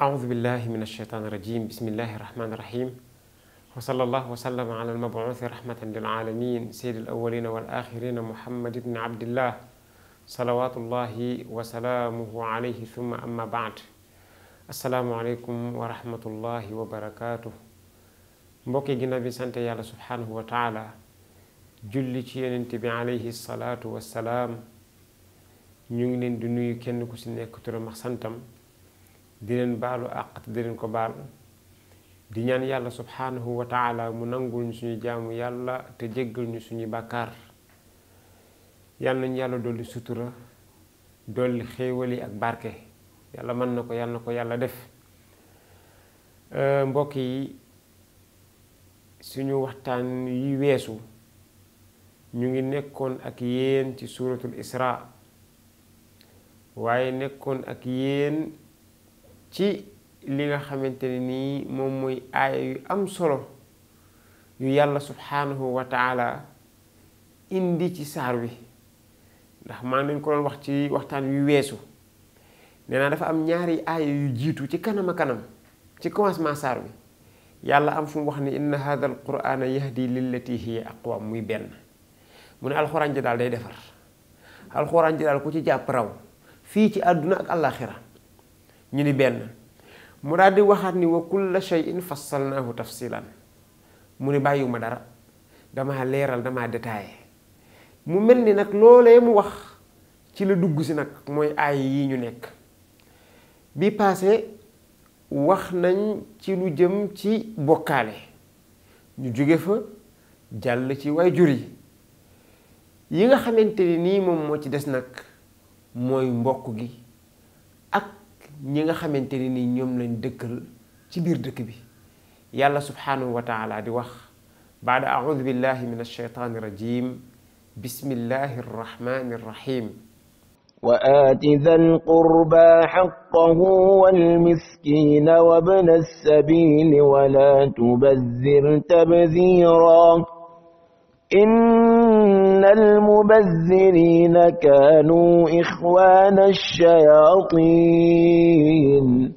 أعوذ بالله من الشيطان الرجيم بسم الله الرحمن الرحيم وصلى الله وسلم على المبعوث رحمة للعالمين سيد الأولين والآخرين محمد بن عبد الله صلوات الله وسلامه عليه ثم أما بعد السلام عليكم ورحمة الله وبركاته مبكي جنبي bi يا الله سبحانه وتعالى taala julli ci عليه الصلاة والسلام salaatu wassalaam ñu ngi leen di leen baalu àq te di ko baal di ñaan yàlla subhaanahu wa mu nangul ñu suñu jaamu yàlla te jéggal ñu suñu bàkkaar yàlla nañu yàlla dolli sutura dolli xéewali ak barke yàlla mën na ko yàlla ko yàlla def euh, mbokk yi suñu waxtaan yi weesu ñu ngi nekkoon ak yéen ci suuratul isra waaye nekkoon ak yéen ci li nga xamanteni ni mom moy aya yu am solo yu yalla subhanahu wa taala indi ci sar wi ndax ma ngi ko wax ci waxtan yu wessu neena dafa am ñaari aya yu jitu ci kanam kanam ci commencement sar wi yalla am fu wax ni inna hadha al qurana yahdi lillati hiya aqwa muy ben mun alquran ji dal day defar alquran ji dal ku ci japp raw fi ci aduna ak alakhirah ñu ni benn mu daldi waxaat ni wa kulla shay'in fassalnaahu tafsilan mu ni bàyyiwuma dara dama leeral dama détaillé mu mel ni nag loolee mu wax ci la dugg si nag mooy ay yi ñu nekk bi paase wax nañ ci lu jëm ci bokkaale ñu jóge fa jàll ci waajur yi yi nga xamante ni nii moom moo ci des nag mooy mbokk gi ñi nga xamanteni ni ñom lañ dëkkal ci biir dëkk bi yàlla subhanahu wa taala di wax ba'da a'udhu billahi minash shaitani rajim bismillahir rahmanir rahim وآت ذا القربى حقه والمسكين وابن السبيل ولا تبذر تبذيرا إن المبذرين كانوا إخوان الشياطين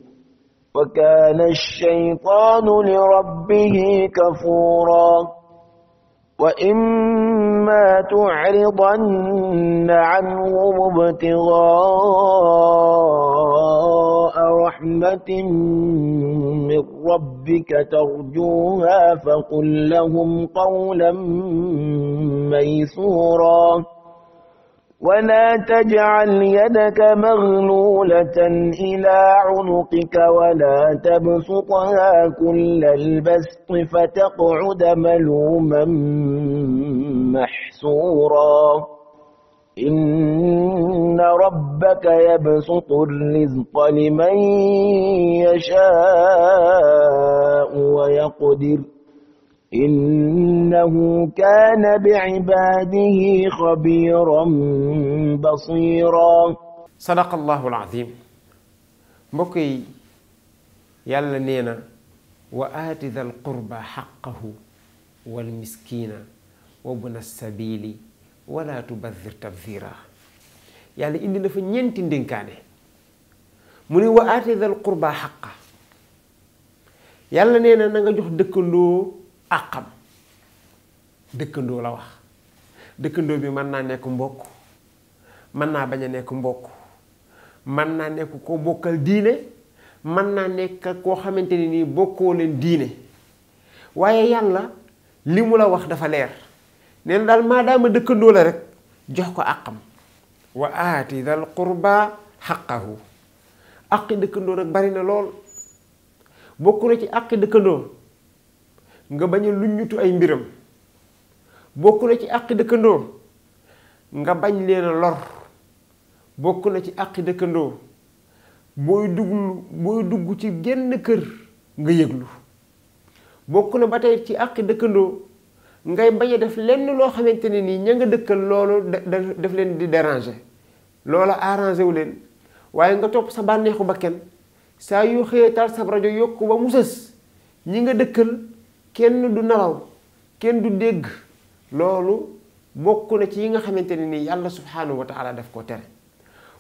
وكان الشيطان لربه كفوراً وإما تعرضن عنهم ابتغاء رحمة من ربك ترجوها فقل لهم قولا ميسورا ولا تجعل يدك مغلولة إلى عنقك ولا تبسطها كل البسط فتقعد ملوما محسورا إن ربك يبسط الرزق لمن يشاء ويقدر إنه كان بعباده خبيرا بصيرا صدق الله العظيم مكي يلا نينا وآت ذا القربى حقه والمسكين وابن السبيل ولا تبذر تبذيرا يعني إننا في نينتي ندينكاني مني وآت ذا القربى حقه يلا نينا نغا جوخ دكندو àqam dëkkandoo la wax dëkkandoo bi mën naa nekk mbokk mën naa bañ a nekk mbokk mën naa nekk ko bokkal diine mën naa nekk koo xamante ne nii bokkoo leen diine waaye yàlla li mu la wax dafa leer neen daal maadaama dëkkandoo la rek jox ko àqam wa aati dal qurba xaqahu àqi dëkkandoo nag bari na lool bokk na ci àqi dëkkandoo nga bañ a luññutu ay mbiram bokku na ci àqi kendo nga bañ leena lor bokku na ci àqi kendo boy duglu boy dugg ci genn kër nga yeglu bokku na batay ci àqi kendo ngay bañ def lenn lo xamanteni ni nii nga dëkkal loolu di déranger lolu arranger wu len waye nga top sa banexu bakken sa yu xëyee sa radio yokku ba mu ñi kenn du nalaw kenn du deg lolu bokku na ci yi nga xamanteni ni yalla subhanahu wa taala daf ko tere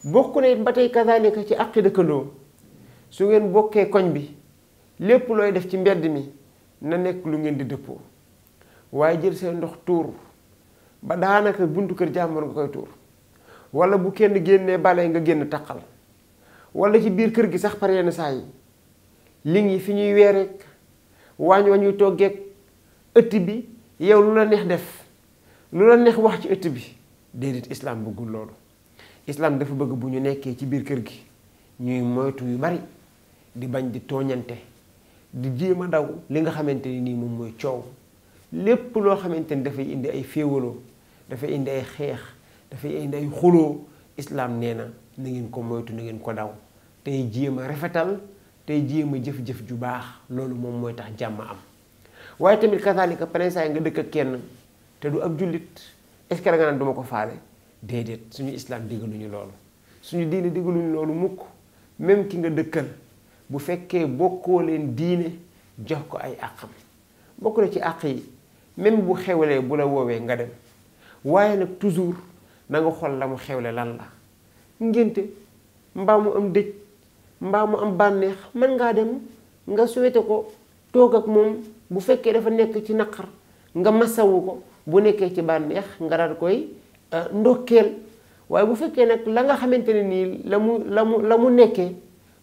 bokku na batay ba tey kazalika ci àqi dëkkandoo su ngeen bokke koñ bi lepp loy def ci mbedd mi na nek lu ngeen di depo way jël sen ndox tour ba danaka buntu keur jàmbur nga koy tour wala bu kenn genné bale nga genn takal wala ci bir keur gi sax par na say ling yi fi ñuy waañ wa ñuy toggeek ëtt bi yow lu la neex def lu la neex wax ci ëtt bi déedéet islaam bëggul loolu islam dafa bëgg bu ñu nekkee ci biir kër gi ñuy moytu yu bari di bañ di tooñante di jéem a daw li nga xamante ni nii moom mooy coow lépp loo xamante ni dafay indi ay féewaloo dafay indi ay xeex dafay indi ay xuloo islam nee na na ngeen ko moytu na ngeen ko daw tey jéem rafetal tey jéem a jëf-jëf ju baax loolu moom mooy tax jàmm am waaye tamit kasaalika prinçay nga dëkk ak kenn te du ak jullit est-ce que da nga naan duma ko faale déedéet suñu islam digaluñu loolu suñu diine digaluñu loolu mukk même ki nga dëkkal bu fekkee bokkoo leen diine jox ko ay àqam bokk na ci àq yi même bu xewlee bu la woowee nga dem waaye nag toujours na nga xool la mu xewle lan la ngénte mbaa mu am dëj mbaa mu am bànneex man ngaa dem nga souhaité ko toog ak moom bu fekkee dafa nekk ci naqar nga masawu ko bu nekkee ci bànneex nga daal koy euh, ndokkeel waaye bu fekkee nag la nga xamante ne nii la mu la mu la mu nekkee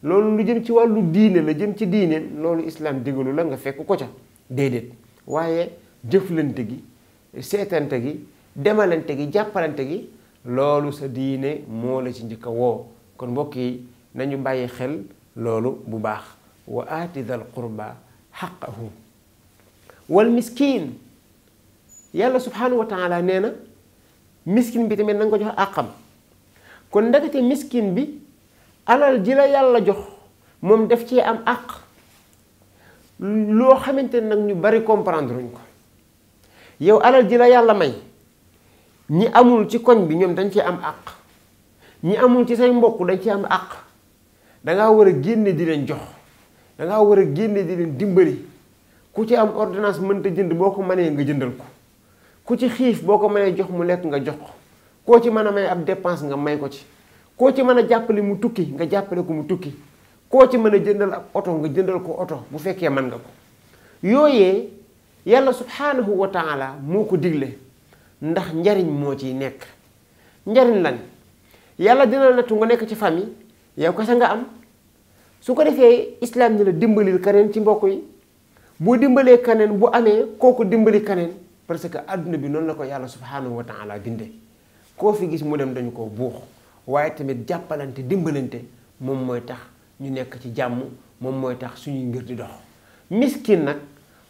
loolu lu jëm ci wàllu diine la jëm ci diine loolu islam digalu la nga fekk ko ca déedéet waaye jëflante gi seetante gi demalante gi jàppalante gi loolu sa diine moo la ci njëkk a woo kon mbokk yi nañu bàyyi xel loolu bu baax wa aati dal qurba xaqahu wal miskin yàlla subhanahu wa taala nee na miskin bi tamit na ko jox àqam kon ndekete miskin bi alal ji la yàlla jox moom def ci am àq loo xamante nag ñu bari comprendre uñ ko yow alal ji la yàlla may ñi amul ci koñ bi ñoom dañ ci am àq ñi amul ci say mbokk dañ ci am àq dangaa war a génne di leen jox da war a génne di leen dimbali ku ci am ordonnance mënta jënd boo ko manee nga jëndal ko ku ci xiif boo ko mënee jox mu lekk nga jox ko koo ci mën a may ab dépense nga may ko ci koo ci mën a jàppale mu tukki nga jàppale ko mu tukki koo ci mën a jëndal ab oto nga jëndal ko oto bu fekkee mën nga ko yooyee yàlla subhaanahu wa taala moo ko digle ndax njariñ moo ciy nekk njariñ lan yàlla dina nattu nga nekk ci famille yow kese nga am su ko defee islam ni la dimbalil kaneen ci mbokk yi boo dimbalee kaneen bu amee kooku dimbali kaneen parce que àdduna bi noonu la ko yàlla subhanahu wa taala bindee koo fi gis mu dem dañu ko buux waaye tamit jàppalante dimbalante moom mooy tax ñu nekk ci jàmm moom mooy tax suñuy ngir di dox miskin nag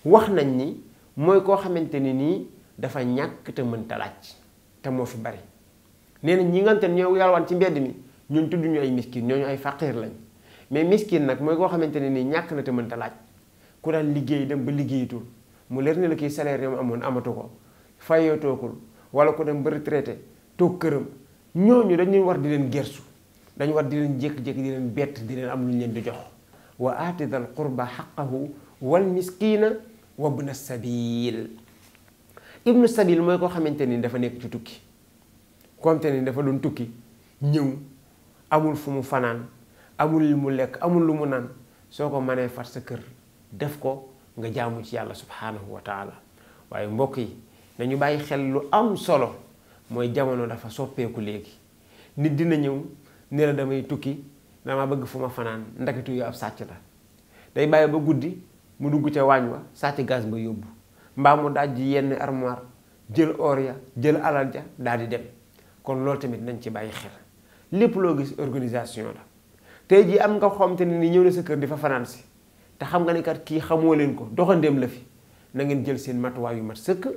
wax nañ ni mooy koo xamante ni nii dafa ñàkk te mënta laaj te moo fi bari nee na ñi ngante ñoo yalwaan ci mbedd mi ñun tudd ñu ay miskin ñooñu ay faqiir lañ mais miskin nag mooy koo xamante ne nii ñàkk na te mënta laaj ku daan liggéey dem ba liggéeyatul mu leer ne la kii salaire yi amoon amatu ko fayoo tookul wala ku dem ba retraité toog këram ñooñu dañu war di leen gersu dañu war di leen jékk jékki di leen bett di leen am lu ñu leen di jox wa aati dal qurba xaqahu wal miskina wabna sabil ibnu sabil mooy koo xamante ni dafa nekk ci tukki comme te dafa doon tukki ñëw amul fu mu amul limu lek amul lumu nan soko mané fat sa kër def ko nga jaamu ci yalla subhanahu wa taala waye mbokk yi nañu bayyi xel lu am solo moy jamono dafa soppeku legi nit dina ñew ne la damay tukki dama bëgg fu ma fanaan ndakitu yu ab sàcc la day bayyi ba guddi mu dugg ci wañ wa sàcc gaz ba yobbu mbaa mu daj yenn armoire jël or ya jël alal ja daal di dem kon loolu tamit nañ ci bayyi xel lépp loo gis organisation la tey jii am nga xamante ne ni ñëw na sa kër di fa fanaan si te xam nga ne kat kii xamoo leen ko doxandeem la fi na jël seen matuwaay yu mat sëkk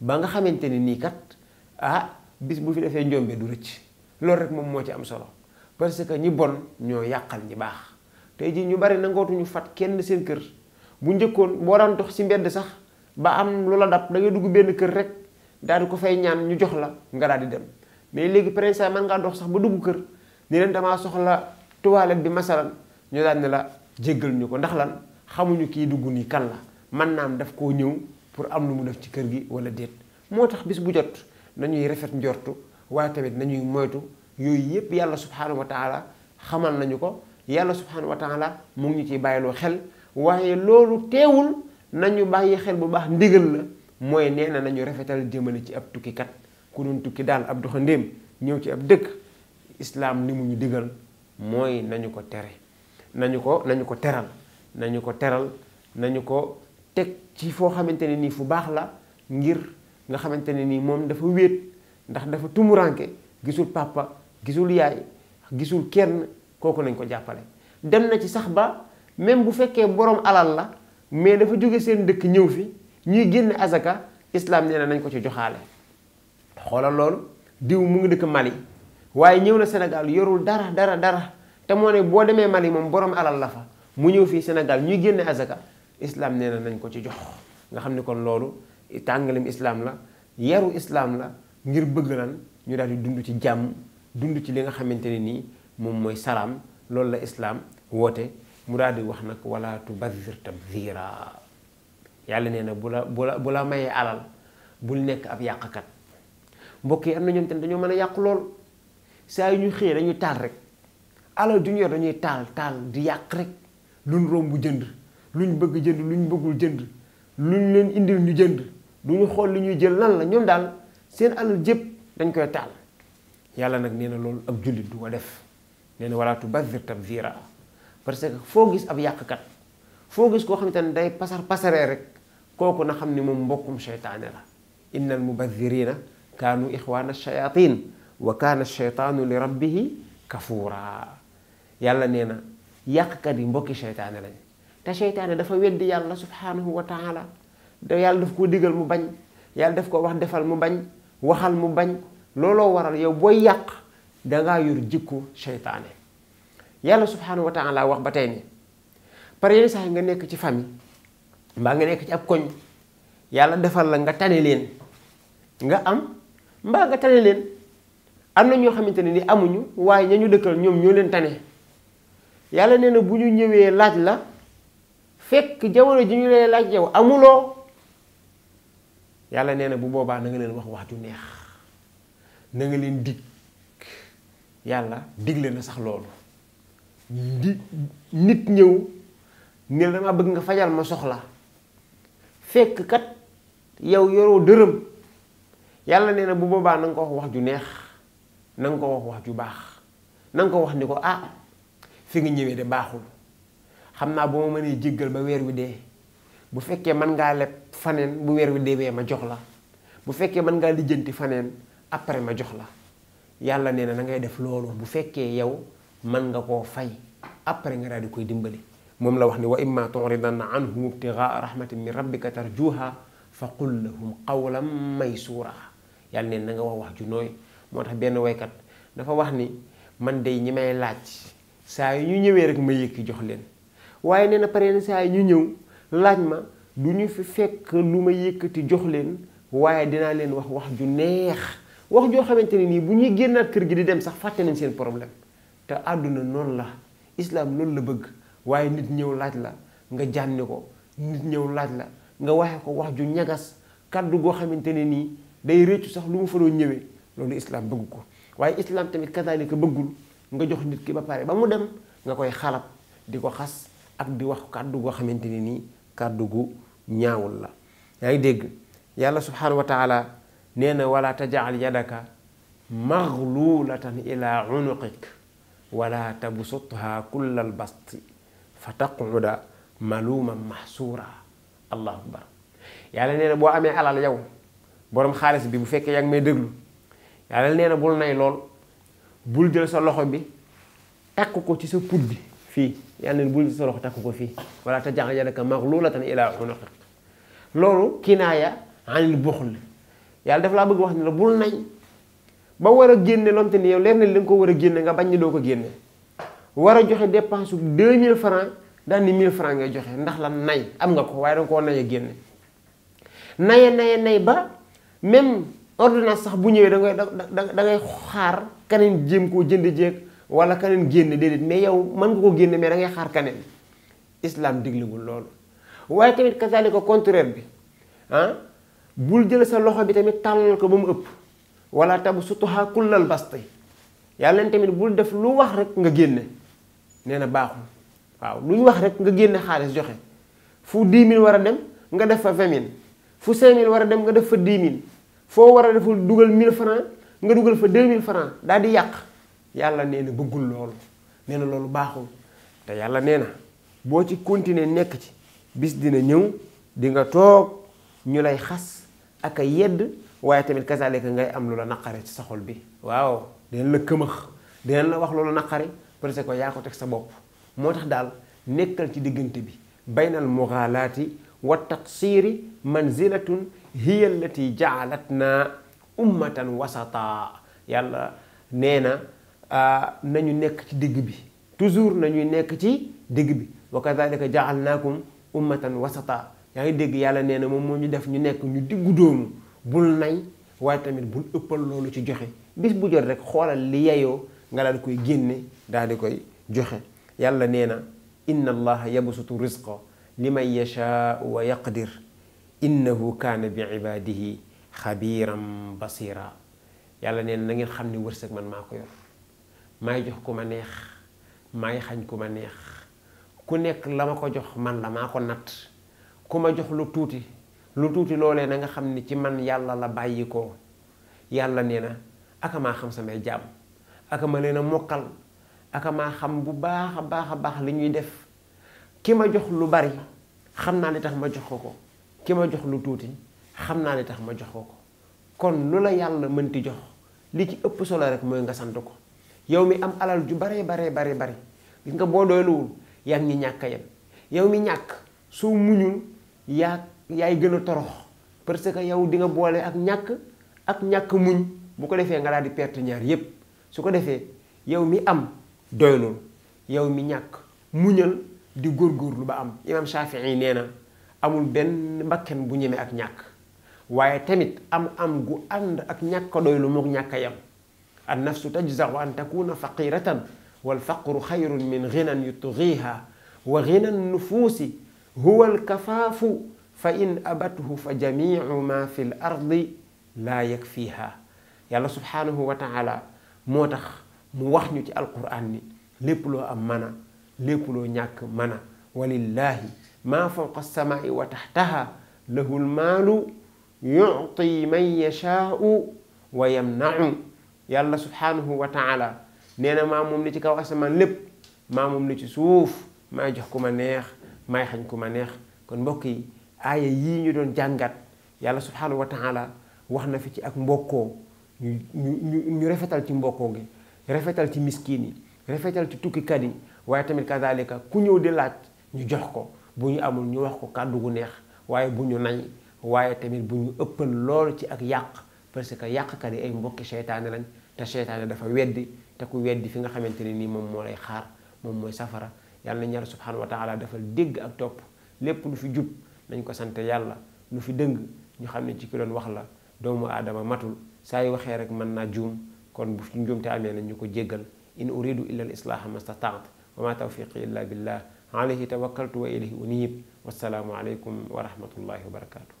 ba nga xamante ne nii kat ah bis bu fi defee njombe du rëcc loolu rek moom moo ci am solo parce que ñi bon ñoo yàqal ñi baax tey jii ñu bari nangootuñu fat kenn seen kër bu njëkkoon boo daan dox ci mbedd sax ba am lu la dab da ngay dugg benn kër rek daal di ko fay ñaan ñu jox la nga daal dem. mais léegi prince mën ngaa dox sax ba dugg kër ni leen damaa soxla toilette bi masalan ñu daan ne la jéggal ñu ko ndax lan xamuñu kii dugg nii kan la man naam daf koo ñëw pour am lu mu def ci kër gi wala déet moo tax bis bu jot nañuy rafet njortu waaye tamit nañuy moytu yooyu yépp yàlla subhaanahu wa taala xamal nañu ko yàlla subhaanahu wa taala mu ngi ñu ciy bàyyiloo xel waaye loolu teewul nañu yi xel bu baax ndigal la mooy nee na nañu rafetal jëmale ci ab tukkikat ku doon tukki daal ab doxandéem ñëw ci ab dëkk islaam li mu ñu digal mooy nañu ko tere nañu ko nañu ko teral nañu ko teral nañu ko teg ci foo xamante ne nii fu baax la ngir nga xamante ne nii moom dafa wéet ndax dafa tumuranke gisul papa gisul yaay gisul kenn kooku nañ ko jàppale dem na ci sax ba même bu fekkee borom alal la mais dafa jóge seen dëkk ñëw fi ñuy génn azaka islam nee na nañ ko ci joxaale xoolal loolu diw mu ngi dëkk Mali waaye ñëw na Sénégal yorul dara dara dara te moo ne boo demee Mali moom borom alal la fa mu ñëw fii Sénégal ñuy génne azaka islaam nee nañ ko ci jox nga xam ne kon loolu tàngalim islaam la yaru islaam la ngir bëgg lan ñu daal di dund ci jàmm dund ci li nga xamante ne nii moom mooy salaam loolu la islam woote mu daal di wax nag wala tubazir tabzira yàlla nee na bu la bu la bu la mayee alal bul nekk ab yàqkat mbokki yi am na ñoom tamit dañoo mëna yaq lool say yu ñu xé dañuy tal rek ala du ñu yor dañuy tal tal di yaq rek luñ rombu jënd luñ bëgg jënd luñ bëggul jënd luñ leen indi ñu jënd duñu xol li ñuy jël lan la ñoom daal seen alal jëpp dañ koy tal yalla nak neena lool ab du ko def neena wala wala tubadir tabdira parce que fo gis ab kat fo gis ko tane day pasar pasare rek koku na xamni mom mbokum mbokkum la innal mubadirina kanu ikhwana shayatin wa kana shaytanu li rabbih kafura yàlla nee na yàqkat yi mbokki seytaane lañ te seytaane dafa weddi yàlla subhanahu wa taala da yàlla daf koo digal mu bañ yàlla daf ko wax defal mu bañ waxal mu bañ looloo waral yow booy yàq dangaa yor jikko subhanahu wa taala wax ba ni par yenn saa nga nekk ci famille mbaa nga nekk ci ab koñ defal la nga nga am mba nga tane len am na ñoo xamante ni amuñu way ñañu dëkkal ñoom ñoo tane yalla nee buñu ñëwé laaj la fekk jamono ji ñu lay laaj yow amulo yalla nee bu boba na nga len wax waxtu neex na nga len dig yalla diglé na sax loolu nit ñëw ne la dama bëgg nga fajal ma soxla fekk kat yow yoro deureum Yalla neena bu boba nang ko wax wax ju neex nang ko wax wax ju bax nang ko wax ni ko ah fi nga ñewé de baxul xamna bu ma mënee jéggal ba wër wi dee bu fekkee man nga lepp fanen bu wër wi deewee ma jox la bu fekkee man nga lijeenti fanen après ma jox la yalla neena na ngay def lolu bu fekkee yow man nga ko fay après nga daal di koy dimbali mom la wax ni wa imma turidanna anhum ibtigha rahmatin min rabbika tarjuha fa qul lahum qawlan maysura yàlla neen na nga wax wax ju nooy moo tax benn waykat dafa wax ni man dey ñi may laaj saa yi ñu ñëwee rek ma yëkki jox leen waaye nee na pare saa yu ñu ñëw laaj ma du ñu fi fekk lu ma yëkkati jox leen waaye dinaa leen wax wax ju neex wax joo xamante ne nii bu ñuy génnaat kër gi di dem sax fàtte nañ seen problème te àdduna noonu la islaam loolu la bëgg waaye nit ñëw laaj la nga jànni ko nit ñëw laaj la nga waxe ko wax ju ñagas kàddu goo xamante ne nii day réccu sax lu mu fa doon ñëwee loolu islaam bëgg ko waaye islam tamit kazaalika bëggul nga jox nit ki ba pare ba mu dem nga koy xalab di ko xas ak di wax kàddu goo xamante ne nii kàddu gu ñaawul la yaa ngi dégg yàlla subhanahu wa taala nee na wala tajaal yadaka maglulatan ila unuqik wala tabsutha kulla al basti fa taquda maluman mahsuura allahu akbar yàlla nee boo amee alal yow borom xaalis bi bu fekkee yaa ngi may déglu yàlla nee na bul nay lool bul jël sa loxo bi takk ko ci sa put bi fii yàlla neen bul jël sa loxo takk ko fii wala taj'al yadaka maghlulatan ila unuqik loolu kinaaya anil buxl yàlla dafa laa bëgg wax ne la bul nay ba war a génne lomte ni yow leer na li nga ko war a génne nga bañ ni doo ko génne war a joxe dépense 2000 francs daan ni 1000 francs ngay joxe ndax la nay am nga ko waaye koo nay a génne naye nay ba même ordonnance sax bu ñëwé da ngay da ngay xaar kaneen jëm ko jënd jëk wala kaneen génne dedet mais yow man nga ko génne mais da ngay xaar kaneen islam diglu ngul lool waye tamit kasaalika contraire bi ah bul jël sa loxo bi tamit tàllal ko bu mu ëpp wala tabu sutuha kullal basti yàlla leen tamit bul def lu wax rek nga génne neena na waaw lu wax rek nga génne xaaliss joxe fu 10000 wara dem nga def fa 20000 fu 5000 war a dem nga def fa 10000 foo war a deful dugal 1000 francs nga dugal fa 2000 francs daal di yàq yàlla nee na bëggul loolu nee na loolu baaxul te yàlla nee na boo ci continuer nekk ci bis dina ñëw di nga toog ñu lay xas ak a yedd waaye tamit kasaalika ngay am lu la naqare ci sa xol bi waaw dinañ la këmax dinañ la wax loolu naqari parce que yaa ko teg sa bopp moo tax daal nekkal ci diggante bi baynal muxaalaati wa taqsiiri manzilatun hiya allati jaalatna ummatan wasata yàlla nee na nañu nekk ci digg bi toujours nañuy nekk ci digg bi wa kadalika jaalnaakum ummatan wasata yaa ngi dégg yàlla nee na moom moo ñu def ñu nekk ñu diggu doomu bul nay waaye tamit bul ëppal loolu ci joxe bis bu jot rek xoolal li yeyoo nga daal di koy génne daal di koy joxe yàlla nee na inna allaha yabsutu liman yashaa wa yaqdir innahu kaana bi ibaadihi xabiiran basira yàlla neen na ngeen xam ni wërsëg man maa ko yor maay jox ku ma neex maay xañ ku ma neex ku nekk la ma ko jox man la maa ko natt ku ma jox lu tuuti lu tuuti loolee na nga xam ni ci man yàlla la bàyyi ko yàlla nee na aka maa xam samay jaam aka leen a mokkal aka xam bu baax a baax a baax li ñuy def kima jox lu bari xamna ni li tax ma jox ko kima jox lu tuti xamna tax ma jox ko kon lu la yàlla mënti jox li ci ëpp solo rek moy nga sant ko yow mi am alal ju bare bare bari bari gis nga boo doyluwul ya ngi ñàkk yam yow mi ñak soo muñu ya yaay gëna torox parce que yow di nga bolé ak ñak ak ñak muñ bu ko defee nga daal di perte ñaar yépp su ko yow mi am doylul yow mi ñak muñal di góorgóorlu ba am imam Shafii nee na amul benn mbakken bu ñeme ak ñàkk waaye tamit am am gu ànd ak ñàkk a doylu moog ñàkk a yam an nafsu tajzau an takuna faqiratan wal faqru xayrun min ginan yutgiha wa gina nufuusi huwa alkafaafu fa in abathu fa jamiu ma fi l ardi laa yakfiha yàlla subhaanahu wa taala moo tax mu wax ñu ci alquran ni lépp loo am mana لب لو نك منا ولله ما فوق السماء وتحتها له المال يعطي من يشاء ويمنع يلا سبحانه وتعالى نينا ما موم نتي كاو اسمان لب ما موم نتي سوف ما جحكم نيخ ما يخنكم نيخ كون بوكي آية يي ني دون جانغات يلا سبحانه وتعالى واخنا في تي اك مبوكو ني ني ني رفتال تي مبوكو غي رفتال تي مسكيني رفتال تي توكي كادي waaye tamit kazalika ku ñëw di laaj ñu jox ko bu ñu amul ñu wax ko kàddu gu neex waaye bu ñu nañ waaye tamit bu ñu ëppal loolu ci ak yàq parce que yàq yàqkat yi ay mbokki seytaane lañ te seytaane dafa weddi te ku weddi fi nga xamante ne nii moom moo lay xaar moom mooy safara yàlla ñaar yàlla subhanahu wa taala dafal dégg ak topp lépp lu fi jub nañ ko sant yàlla lu fi dëng ñu xam ne ci kiloon wax la doomu aadama matul saa yu waxee rek mën naa juum kon bu fi njuumte amee nañ ñu ko jéggal in uridu illa al islaaha mastataat وما توفيقي إلا بالله عليه توكلت وإليه أنيب والسلام عليكم ورحمة الله وبركاته